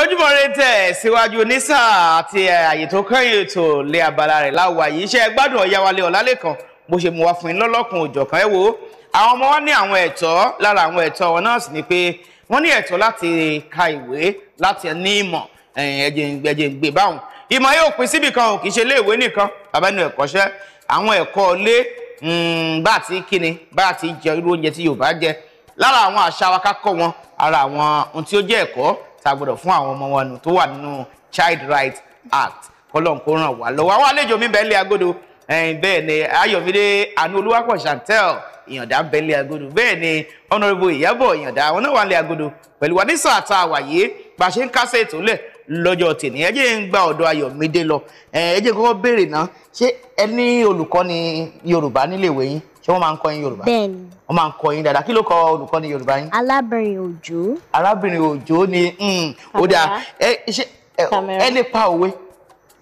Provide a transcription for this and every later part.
ojúmọ́ ire tẹ̀ síwájú onísà àti eh, àyè tó kẹ́yìn ètò lé abala rẹ̀ láwa yìí iṣẹ́ gbádùn ọ̀yáwálé ọ̀làlẹ́kan bó ṣe mú wa fún yín lọ́lọ́kùn òjọ̀kan ẹ wo àwọn ọmọ wọn ní àwọn ẹ̀tọ́ lára àwọn ẹ̀tọ́ wọn náà sì ni pé wọ́n ní ẹ̀tọ́ láti ka ìwé láti ní ìmọ̀ ẹ̀jẹ̀ ń gbé báwọn ìmọ̀ yóò pín síbì kan ò kì í ṣe ilé ìwé nìkan abẹ́nu ẹ̀kọ́ṣẹ́ àwọn ẹ̀kọ́ ilé hmm, bá ti kíni bá ti jẹ irú oúnjẹ tí Yorùbá jẹ lára àwọn àṣà wa ká wọn ara àwọn ohun tí ó jẹ́ ẹ̀kọ́ tá a gbọ́dọ̀ fún àwọn ọmọ wọn tó wà nínú Child Rights Act kọ́lọ́n kó ràn wá lọ́wọ́ àwọn àlejò mi bẹ́ẹ̀ lé agodo bẹ́ẹ̀ ni Ayọ̀mídé Àánú Olúwapọ̀ Chantel ìyàndá ń bẹ́ẹ̀ lé agodo bẹ́ẹ̀ ni Honourable Ìyábọ̀ ìyàndá àwọn náà wà lé agodo pẹ̀lú wa ní sáà tá a wà yìí bá a ṣe ń kásẹ̀ ètò lẹ̀ lọ́jọ́ tèmi ẹ jẹ́ ń gba ọ̀dọ̀ Ayọ̀mídé lọ ẹ jẹ́ béèrè náà ṣé ẹ ní ni Yorùbá níléèwé yín ṣé wọ́n máa ń kọ́ yín yorùbá. bẹ́ẹ̀ni. wọ́n máa ń kọ́ yín dáadáa kí ló kọ olùkọ́ni yorùbá yín. arábìnrin òjò. arábìnrin òjò ni hmm, ó dáa ẹ lè pa òwe.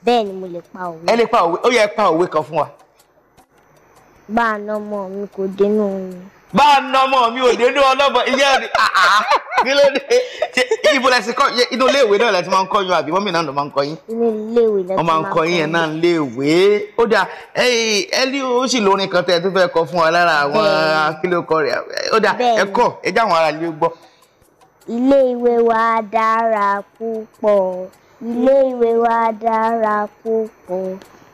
bẹ́ẹ̀ni mo lè pa òwe. ẹ lè pa òwe ó yẹ pa òwe kan fún wa. bá a nà ọmọ mi kò dénú orin bá a nà ọmọ mi ò dédé ọlọ́bọ ìyá ẹ̀ kí ló dé ibo lẹ́sìn kọ́ inú iléèwé náà lẹ́sìn máa ń kọ́ yín àbí mọ́mí náà ló máa ń kọ́ yín. inú iléèwé lẹ́sìn máa ń kọ́ yín. wọ́n ń kọ́ yín yẹn náà léèwé ó dà ẹlí ó sì lórin kan tẹ́ ẹ tó fẹ́ kọ fún ọ lára àwọn akílókọ rẹ̀ ó dà ẹ kọ́ ẹ já àwọn ará ilé gbọ́. ilé ìwé wa dára púpọ̀ ilé ìwé wa dára púpọ̀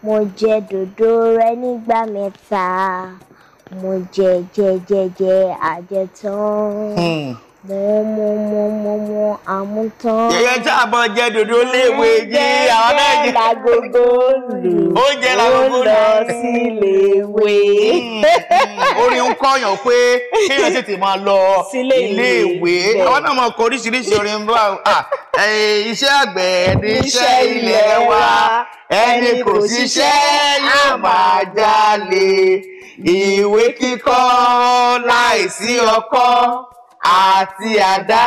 mo jẹ dòdò rẹ nígbà mẹ́ta mo jẹ jẹ jẹ jẹ àjẹtán hmm. mo mo mo mo mo àmútán. yẹyẹ tí a bọ jẹ dòdò léwe jí àwọn náà jẹ. oúnjẹ làgógó lù oúnjẹ làgógó lù ó lọ síléèwé. Hmm, hmm. orin ń kọyàn pé kéèyàn tètè máa lọ iléèwé àwọn náà máa kọ oríṣiríṣi orin bá ah, a iṣẹ́ àgbẹ̀ níṣẹ́ ilẹ̀ wa ẹni kò síṣẹ́ yóò máa jalè ìwé kíkọ́ láìsí ọkọ́ àti àdá.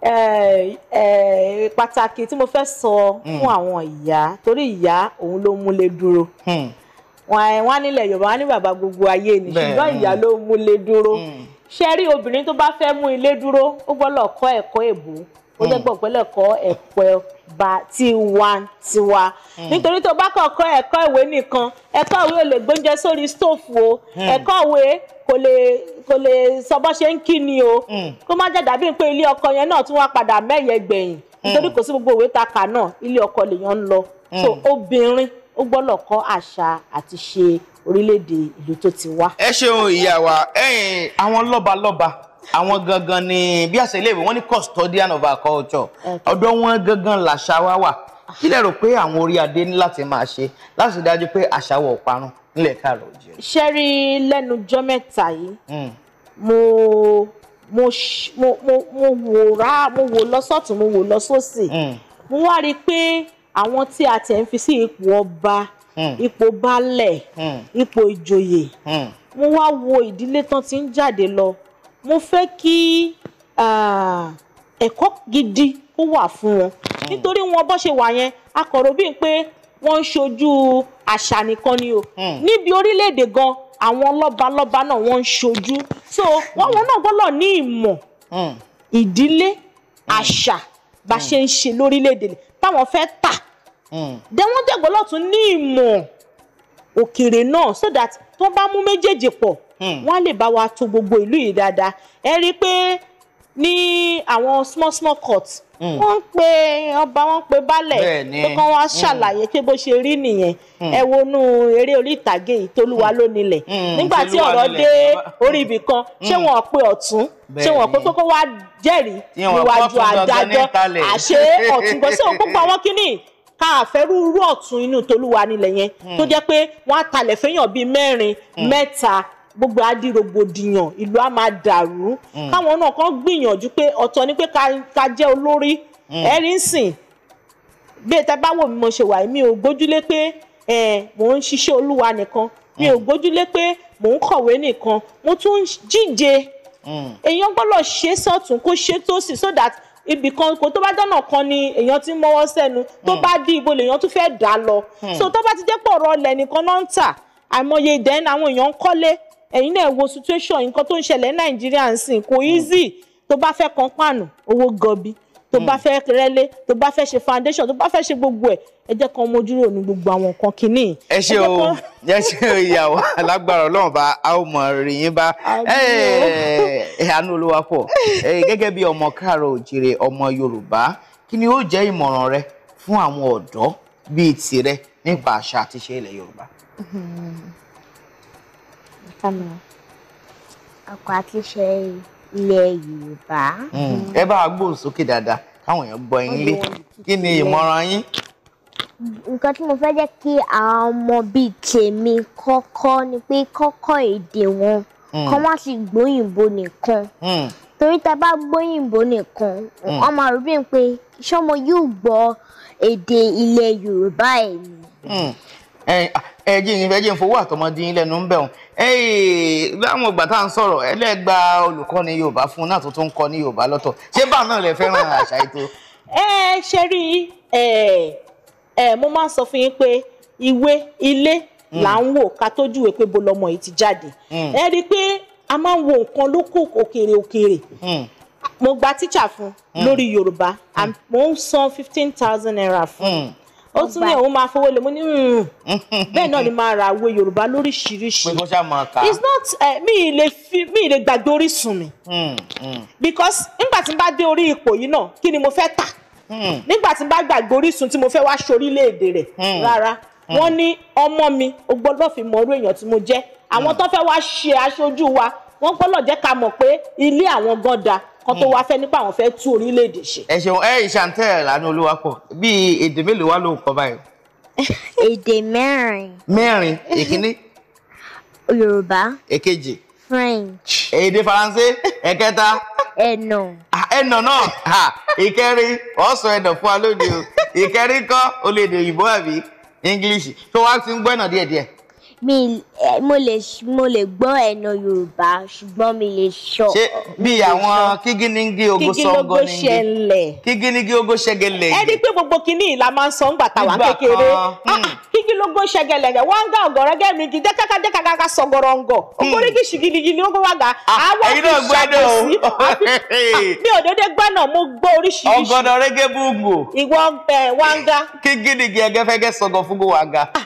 Eh, eh, pàtàkì tí mo fẹ́ sọ fún hmm. àwọn ìyá torí ìyá òun ló múlé dúró hmm. wọn eh, nílẹ̀ Yorùbá wọn ní bàbá gbogbo ayé ni ṣùgbọ́n ìyá ló múlé dúró hmm. ṣe rí obìnrin tó bá fẹ́ mú ilé dúró ó gbọ́dọ̀ kọ́ ẹ̀kọ́ èbó ó dẹ́gbọ̀ pẹ́lẹ̀ kọ́ ẹ̀kọ́ bá tiwantiwa hmm. nítorí tó bá kàn kọ́ ẹ̀kọ́ ìwé nìkan ẹ̀kọ́ ìwé ò lè gbóúnjẹ sórí stóòfù o hmm. ẹ̀kọ́ ìwé kò lè kò lè sọ bó ṣe ń kí ni o hmm. kó má jẹ́ dàbí pé ilé ọkọ yẹn náà tún wá padà mẹ́yẹ gbẹ̀yìn nítorí kò sí gbogbo ìwé ta kà náà ilé ọkọ lèèyàn ń lọ so obìnrin ó gbọ́dọ̀ kọ́ àṣà àti ṣe orílẹ̀-èdè ìlú tó ti wá. ẹ ṣeun ìyá wa ẹ̀yin àwọn lọ́balọ́ba àwọn gangan ni bí àṣẹ ilé ìwé wọn ní custodian of our culture ọ̀dọ̀ wọn gangan làṣà wa wà kí lẹ rò pé àwọn orí adé ní láti máa ṣe láti dájú pé àṣà wa ò parun nílẹ̀ káàrọ̀ jẹ. ṣẹ́rí lẹ́nu jọ́ mẹ́ta yìí hmm. mo mo mo wò rá mo wò lọ́sọ̀tún mo wò lọ́sọ̀sì hmm. mo wá rí i pé àwọn tí a tẹ̀ ń fi sí ipò ọba hmm. ipò baálẹ̀ ipò ìjòyè mo wá wo ìdílé tán ti ń jáde lọ mo fẹ́ kí ẹ̀kọ́ gidi ó wà fún wọn nítorí wọn bó ṣe wà yẹn akọ̀rọ̀ bíi pé wọ́n ń ṣojú àṣà nìkan ni o hmm. níbi orílẹ̀-èdè gan àwọn lọ́balọ́ba náà wọ́n ń ṣojú so wọ́n wọn náà gbọ́dọ̀ ní ìmọ̀ hmm. ìdílé hmm. àṣà bá ṣe ń ṣe lórílẹ̀-èdè táwọn fẹ́ tà dẹ́wọ́n dẹ̀gbọ́lọ́tún ní ìmọ̀ òkèrè náà so that tó bá mú méjèèjì pọ̀ Hmm. wọ́n á lè bá wa tò gbogbo ìlú yìí dáadáa ẹ rí i pé ní àwọn small small court hmm. wọ́n ń pe ọba wọ́n ń pe baálẹ̀ pé kán wá hmm. ṣàlàyé pé bó ṣe rí nìyẹn ẹ wonú eré orí ìtàgé ìtolúwa lónìlẹ̀ nígbà tí ọ̀rọ̀ dé orí ibì kan ṣé wọ́n pe ọ̀tún ṣé wọ́n pe kókó wá jẹ́rìí níwájú adájọ́ àṣé ọ̀tún gbọ́ sí òun púpọ̀ àwọn kìíní ká àfẹ́rú ọ̀tún inú tolúwa nílẹ̀ yẹn tó jẹ́ pé wọ́n á talẹ̀ fẹ́yàn bíi mẹ́rin mẹ́ta gbogbo adi rògbòdìyàn ìlú á máa dàrú mm. káwọn náà kàn gbìyànjú pé ọ̀tọ̀ ni pé ká jẹ́ olórí mm. ẹ̀rí ń sìn bí ètò bá wò mí mo ṣe wà mí ò gbójúlé pé mò ń ṣiṣẹ́ olúwa nìkan mi ò mm. gbójúlé pé mò ń kọ̀wé nìkan mo tún ń jíje èèyàn gbọ́dọ̀ ṣe sọ̀tún kó ṣe tòsì so that ibì kan kò tó bá dọ́nà kan ni èèyàn ti mọ́wọ́ sẹ́nu tó bá di ibo lèèyàn tún fẹ́ dà lọ so tó bá ti jẹ́ pọ̀ ọ̀rọ̀ ọlẹ̀ nìkan náà ń tà àìmọye ìdẹ́n àwọn èèyàn ń kọ́lé ẹ̀yin náà wo situation nǹkan tó ń ṣẹlẹ̀ nàìjíríà ń sìn kò easy tó bá fẹ́ kan pàànù owó gọbi tó bá hmm. fẹ́ rẹ́lé tó bá fẹ́ ṣe foundation tó bá fẹ́ ṣe gbogbo ẹ̀ ẹ jẹ́ kan mojúrò ní gbogbo àwọn nǹkan kìíní. ẹ ṣe o ẹ ṣe o ìyàwó alágbára ọlọ́run bá a ó mọ rí yín bá àánú olúwa pọ̀ gẹ́gẹ́ bí ọmọ káàrọ̀ òjèrè ọmọ yorùbá kí ni ó jẹ́ ìmọ̀ràn rẹ fún àwọn ọ̀dọ́ bíi tirẹ̀ nípa àṣà àti ìṣe yorùbá. Hmm ọkọ̀ àtúnṣe ilẹ̀ Yorùbá. Hmm. ẹ bá a gbóhùn sókè dáadáa káwọn èèyàn gbọ́ yín lé kí ni ìmọ̀ràn yín. nǹkan tí mo fẹ́ jẹ́ kí àwọn ọmọ bíi tèmi kọ́kọ́ ni pé kọ́kọ́ èdè wọn hmm. kọ́ má sì gbóyìnbó nìkan hmm. torí tá a bá gbóyìnbó nìkan wọ́n máa rò bíi pé ṣọ́mọ yóò gbọ́ èdè ilẹ̀ Yorùbá ẹ̀ ni ẹjẹ ìyìnfẹ jẹ ìfowó àtọmọdé yín lẹ́nu ń bẹ òun láwọn ìgbà tá à ń sọ̀rọ̀ ẹlẹgba ni yorùbá fún náà tó tó ń kọ́ ní yorùbá lọ́tọ̀ ṣé bá náà lè fẹ́ràn àṣà ètò. ẹ ṣe rí ẹ mo máa ń sọ fún yín pé ìwé ilé hmm. là ń wò ká tójú wèé pé bo lọmọ yìí ti jáde hmm. ẹ rí i pé a máa ń wo nǹkan lókò òkèèrè òkèèrè hmm. mo gba tíṣà fún lórí yorùbá mo ń san fifteen thousand naira fún ó tún ní òun máa fowó lé ní hmm. bẹ́ẹ̀ náà ni máa ra àwo yorùbá lóríṣiríṣi it's not eh, mi ì lè fi mi ì lè gbàgbé orísun mi hmm, hmm. because nígbà tí n bá dé orí ipò yìí náà kí ni mo fẹ́ tà nígbà tí n bá gbàgbé orísun tí mo fẹ́ wá ṣorílẹ̀-èdè rẹ̀ rárá wọ́n ní ọmọ mi o gbọ́dọ̀ fi mọ orú èèyàn tí mo jẹ́ àwọn tó fẹ́ wá ṣe aṣojú wa wọ́n gbọ́dọ̀ jẹ́ ká mọ̀ pé ilé àwọn gan da kan tó hmm. wá fẹ́ nípa àwọn fẹ́ tú orílẹ̀-èdè ṣe. ẹ ṣeun ẹ ìṣàǹtẹ̀ lánàá olúwa pọ̀ bíi èdè mélòó wá ló ń kọ́ báyìí. èdè mẹ́rin. mẹ́rin èkíní. yorùbá. èkejì. french. èdè faransé ẹ̀kẹta. ẹ̀nà. ẹ̀nà náà ìkẹrin ọ̀sán ẹ̀nà fún wa lóde o ìkẹrin kọ́ olè èdè òyìnbó àbí english tó wá ti ń gbọ́ ẹ̀nà díẹ̀díẹ̀. mi mo lè mo lè gbọ́ ẹ̀nà yorùbá ṣùgbọ́n mi lè sọ. ṣé bí àwọn kígínnígí ogo sọngọ nígi kígínnígí ogo ṣẹgẹlẹ. ẹ rí pé gbogbo kinní yìí la máa ń sọ ńgbà táwa kékeré ah, ah, hmm. kígínlógó ṣẹgẹlẹ rẹ wọn ń gá ọgọrọgẹ mi kì í dẹkẹkẹ dẹkẹkẹ sọgọrọngọ hmm. ogorigi ṣìgìdìgì ni ó gbọ́ wàgà ah, àwọn fi ṣàkóso mi ò gbọ́ náà mo gbọ́ oríṣiríṣi. ọgọdọ rẹgẹ búgbò. ìwọ ń bẹ wá ń gá. kígínnígí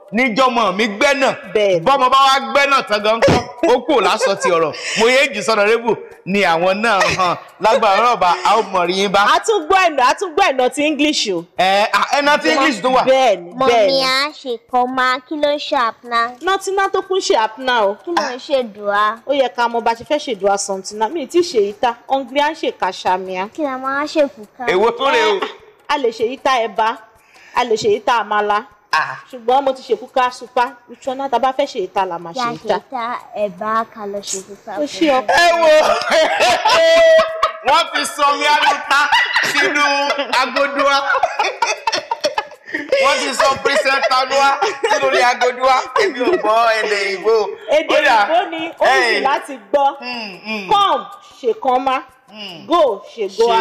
níjọmọ mi gbẹ náà bọmọ bá wá gbẹ náà tán gan kọ ó kù lásọ ti ọ̀rọ̀ mo yé jù sọnà rébù ni àwọn náà hàn lágbára rọba a ó mọrin yín bá. a tún gbọ́ ẹ̀nà a tún gbọ́ ẹ̀nà ti english o. ẹ ẹ̀nà ti english tó wà. bẹ́ẹ̀ni bẹ́ẹ̀ni mọmi a ṣe kàn máa kí ló ṣe àpná. nọtínà tó kún ṣe àpná o. kí ló ń ṣe dùá. ó yẹ ká mọ bá ṣe fẹ́ ṣe dùá sọ̀tìnà mi ì tí ì ṣe yìí ta ọ̀ngbí à ń ṣe kàṣà mìíràn. kí la máa ṣe fùkà. èwo tó rè o. a lè ṣe yìí ta ẹ̀bà a lè ṣe yìí ta àmàlà Ah. ṣùgbọ́n mo ti ṣèkú ká ṣupá ìṣọ́nà tá a bá fẹ́ ṣe ìta là máa ṣe ìta. yàtọ̀ ẹ̀ bá ká lọ ṣèkú ká. ó ṣe ọkọ. ẹ wo wọ́n fi sọmi alùpà sínú agodua wọ́n ti sọ pírísẹ́ńtà lọ́wọ́ nítorí agodua èmi ò gbọ́ èdè ìgbò. èdè ìgbò ni ó sì láti gbọ́ hmm, hmm. come ṣèkan má hmm. go ṣègoa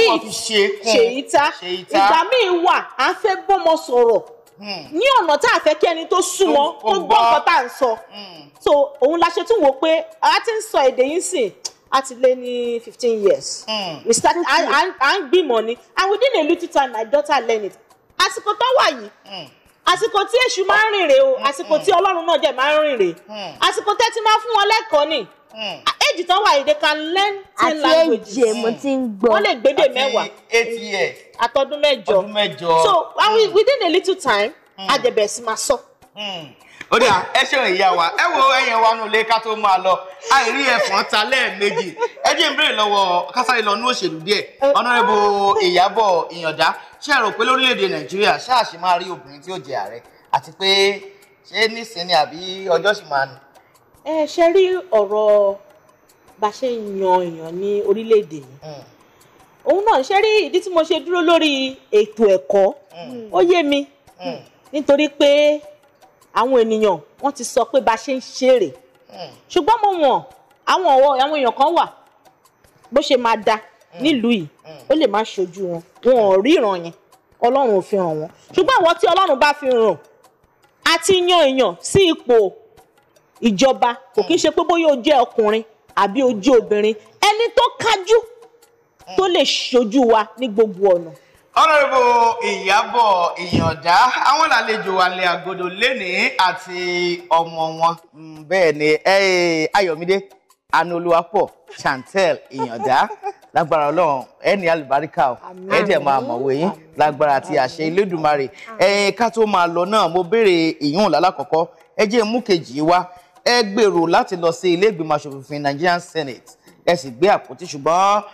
eat ṣèyíta ìgbà míì wà à ń fẹ́ gbọ́mọ sọ̀rọ̀ ní ọ̀nà tá a fẹ́ kí ẹni tó súnmọ́ tó gbọ́ nǹkan tá à ń sọ mm. so òun la ṣe tún wò pé a ti ń sọ èdè yìí sìn a ti lé ní fifteen years mm. we start à ń gbìmọ̀ ni and within a little time my daughter learn it àsìkò tó wà yìí mm. àsìkò tí èṣù máa ń rìn rè o àsìkò tí ọlọ́run náà dẹ̀ máa ń rìn rè àsìkò tẹ́tí máa fún wọn lẹ́kọ̀ọ́ ni age tán wà they can learn ten languages àti age mo lè gbédè mẹ́wàá àti eight years àtọdún mẹ́jọ ọdún mẹ́jọ so hmm. within a little time àdẹ̀bẹ̀ hmm. sì máa sọ hmm. ó dà ẹ ṣeun ìyá wa ẹ wo ẹyẹn wa nulẹ ká tó máa lọ àìrí ẹfọn ta lẹ́ẹ̀mejì ẹ jẹ́ n béèrè lọ́wọ́ kásáré lọ nú òṣèlú díẹ̀ ọ̀nàrẹ́bù ìyábọ̀ ìyàndá ṣé ẹ rò pé lórílẹ̀‐èdè nàìjíríà ṣé a ṣì máa rí obìnrin tí ó jẹ ààrẹ àti pé ṣé nísìnyí àbí ọjọ́ ṣì máa nù. ẹ ṣe rí ọ̀rọ̀ bá ṣe ń yan èèyàn ní orílẹ̀-èdè yìí hmm. òun náà ṣe rí ìdí tí mo ṣe dúró lórí ètò ẹ̀kọ́ hmm. ó yé mi hmm. nítorí pé àwọn ènìyàn wọ́n ti sọ pé bá ṣe ń ṣeré ṣùgbọ́n mo mọ̀ àwọn àwọn èèyàn kan wà bó ṣe máa da nílùú yìí ó lè má ṣojú wọn wọn ò ríran yẹn ọlọ́run ò fi hàn wọ́n ṣùgbọ́n àwọn tí ọlọ́run bá fi hàn àti yan èèyàn sí ipò ìjọba kò kí ń ṣe pé bóyá ó jẹ́ ọkùnrin àbí ojú obìnrin ẹni tó kájú tó lè ṣojú wa ní gbogbo ọ̀nà. Honorable Ìyábọ̀ Ìyàndá àwọn làlejò alẹ́ àgọ́dọ̀ lénìí àti ọmọ wọn. Mm, bẹ́ẹ̀ ni Ayọ̀mídé Anúolúwapọ̀ Chantel Ìyàndá lágbára Ọlọ́run ẹni alùbáríkà o ẹdẹ máa mọ̀wé yín lágbára àti àṣẹ Elédùmarè ẹ tó máa lọ náà mo béèrè ìyún lálàkọkọ ẹ jẹ́ mú kejì wá ẹ gbèrò láti lọ sí ilé ìgbìmọ̀ asòfin Nigerian Senate ẹ sì gbé àpótí ṣùgbọ́n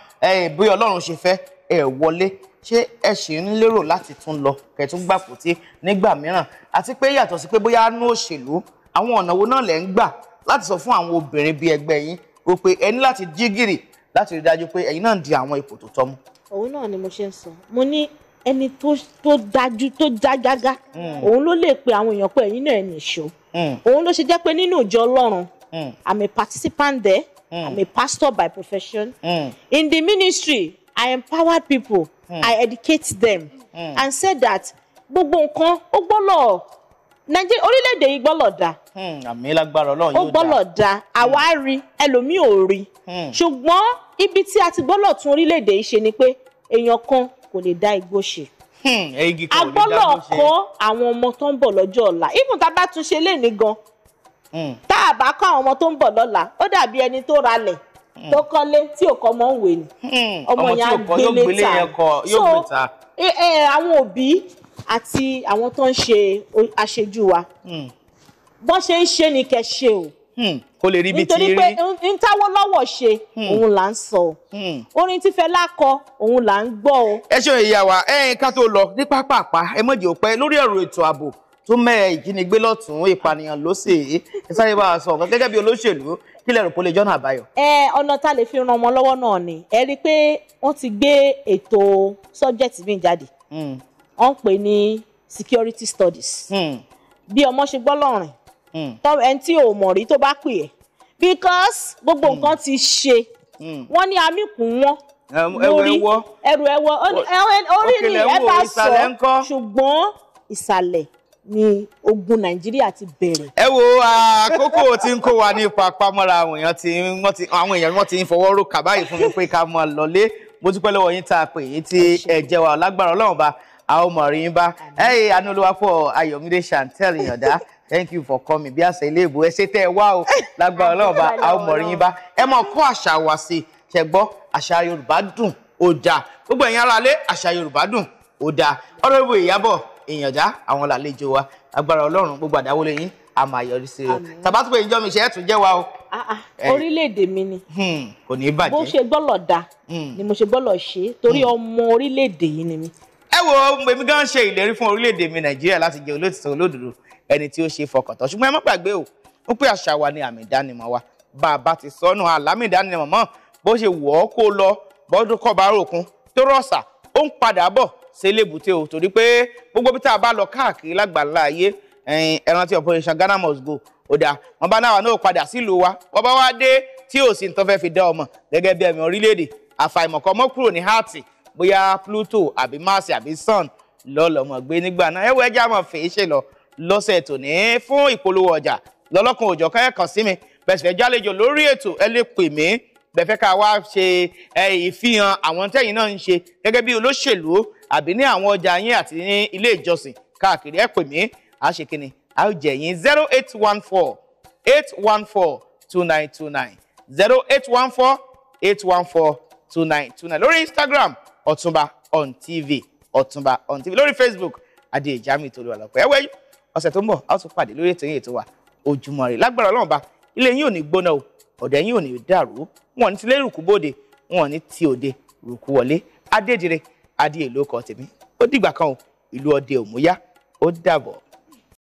bí Ọlọ́run ṣe fẹ́ ẹ wọlé ṣé ẹ ṣì ń lérò láti tún lọ kẹtún gbà àpótí nígbà mìíràn àti pé yàtọ̀ sí pé bóyá nú òṣèlú àwọn ọ̀nà wo náà lẹ́ ń gbà láti sọ fún àwọn obìnrin bíi ẹgbẹ́ yín rò pé ẹ ní láti jí gìrì láti rí dájú pé ẹ̀yin náà di àwọn ipò tó tọ́ mú. òun náà ni mo ṣe ń sọ mo ní ẹni tó dájú tó dágágá hmm. òun ló lè pe àwọn èèyàn pé ẹ̀yin náà ẹni ìṣó hmm. òun ló ṣe jẹ́ pé nínú ìjọ Ọlọ́run hmm. I'm a participant there I'm a pastor by profession in the ministry I empower people I educate them and say that gbogbo nǹkan ó gbọ́lọ̀ Nàìjíríà orílẹ̀-èdè yìí gbọ́lọ̀ da àmì lágbára Ọlọ́run yóò da ó gbọ́lọ̀ da àwa rí ẹlòmíì ò rí ṣùgbọ́n ibi tí a ti gbọ́lọ̀ tún orílẹ̀-èdè yìí ṣe ni pé èèyàn kan kò lè dá igbó ṣe hmm, a gbọ́dọ̀ kọ́ àwọn ọmọ tó ń bọ̀ lọ́jọ́ ọ̀la even tá a bá tún ṣe léèní gan hmm. tá a bá kọ́ àwọn ọmọ tó ń bọ̀ lọ́la ó dàbí ẹni tó ralẹ̀ hmm. tó kọ́lé tí ò kọ́ mọ́ ń wè ní ọmọ yẹn á gbélé ta so àwọn òbí àti àwọn tó ń ṣe aṣejú wa bọ́n ṣe ń ṣe ni kẹ́ ṣe o. Hmm. kó lè rí bí ti rí nítorí pé n táwọ́ lọ́wọ́ ṣe hmm. òun là ń sọ hmm. orin tí Fẹlá kọ òun là ń gbọ́ o. ẹ ṣe ìyá wa ẹyin ká tó lọ ní pápápá ẹ mọ̀jẹ̀ òpẹ́ lórí ọ̀rọ̀ ètò ààbò tó mẹ́ẹ̀ ìjínigbé lọ́tún ìpànìyàn lọ́sẹ̀ ẹ sáré bá a sọ ọ̀gá gẹ́gẹ́ bí olóṣèlú kí lẹ́rù kó lè jọ́nà àbáyọ. ẹ ọ̀nà tá a lè fi ran ọmọ lọ́wọ́ náà ni ẹ rí i pé wọ́n ti gbé ètò subject mi jáde wọ́n ń pè ní security studies bí ọmọ ṣe gbọ́ lọ́rìn Mm. ẹni tí ò mọ̀ rí tó bá pè ẹ́ because gbogbo mm. nǹkan ti ṣe mm. wọ́n ní amíkùn wọn lórí ẹrù ẹwọ orí ni ẹ bá sọ ṣùgbọ́n ìsàlẹ̀ ni ogun nàìjíríà ti bẹ̀rẹ̀. ẹ wo àkókò tí ń kó wa ní papamọ́ra àwọn èèyàn tí wọ́n ti àwọn èèyàn wọ́n ti ń fọwọ́ rò kà báyìí fún mi pé ká mọ́ lọlé mo dúpẹ́ lọ́wọ́ yín tá a pè é tí ẹ̀jẹ̀ wa lágbára ọlọ́run bá a ó mọ̀ rí yín bá ẹ̀yìn anúlówápọ̀ ayọ̀mídé chantel ìyàndá thank you for coming bí àṣà ilé ìbò ẹ ṣe tẹ́ ẹ wá o eh, lágbára Ọlọ́run bá a ó mọ̀rí yín bá ẹ mọ̀ kọ́ àṣà wa sí i ṣẹ̀gbọ́ àṣà Yorùbá dùn ó dáa gbogbo ẹ̀yin aráalé àṣà Yorùbá dùn ó dáa ọ̀rọ̀ Ìyábọ̀ Ìyànjá àwọn làlejò wa agbára Ọlọ́run gbogbo àdáwọlé yín a máa yọrí sí o tàbá ìjọ mi ṣe é tún jẹ́ wa o. Ah, ah, orílẹ̀-èdè mi ni hmm, kò ní bàjẹ́ bó ṣe gbọ́lọ̀ da hmm. ni mo ṣe gbọ́lọ̀ ṣe torí hmm. ọmọ orílẹ̀-èdè yìí ni mi. ẹ wo èmi gan ṣe ìlérí fún orílẹ̀-èdè mi Nàìjíríà láti jẹ olótìtọ́ olódodo ẹni tí ó ṣe fọkàntán ṣùgbọ́n ẹ má gbàgbé o ó pé àṣà wa ni àmì ìdánimọ̀ wa bá a bá ti sọnù àlámì ìdánimọ̀ mọ́ bó ṣe wọ̀ ọ́ kó lọ bọ́dún kọ́ba ròkun tó rọ̀ṣà ó ń padà bọ̀ sí ilébùté o torí pé gbogbo bí tá a bá lọ káàkiri lágbàlá ayé ẹran tí operation Ghana must go ó dáa wọn bá náà náà padà sílùú wa wọn bá wá dé tí ò sí nǹkan fẹ́ fi dá ọmọ gẹ́gẹ́ bí ẹ̀mí orílẹ̀-èdè àfàìmọ̀kọ́ mọ́ kúrò ní heart bóyá Pluto àbí Mars àbí Sun lọ́lọ́mọ gbé nígbà náà ẹ̀wọ̀ ẹja mọ̀ fèé ṣe lọ lọ́sẹ̀ tòní fún ìpolówó ọjà lọ́lọ́kan òjọ̀ kan ẹ̀kan sí mi bẹ́ẹ̀ sì fẹ́ jálejò lórí ètò ẹ lè pè mí bẹ́ẹ̀ fẹ́ ká wá ṣe ìfihàn àwọn tẹ́yìn náà ń ṣe gẹ́gẹ́ bí olóṣèlú àbí ní àwọn ọjà yín àti ní ilé ìjọsìn káàkiri ẹ pè mí àṣekínni a yín zero eight one four eight one four two nine two nine zero eight one four eight one four two nine two nine lórí Instagram Ọ̀túnba on TV Ọ̀túnba on TV lórí Facebook Adéjàmí Tolúwalọ́pọ̀ ẹ̀wẹ́ yìí ọ̀sẹ̀ tó ń bọ̀ a ó tún pàdé lórí ètò yìí ètò wa Ojúmọ́ Ire lágbára Ọlọ́run ba ilé yín ò ní gbóná o ọ̀dẹ̀ yín ò ní dàrú wọn ní tilé rùkú bóde wọn ní ti òde rùkú wọlé Adédire adé èlò ọkọ tèmi ó dìgbà kan o ìlú ọdẹ òmùyá ó dàbọ̀.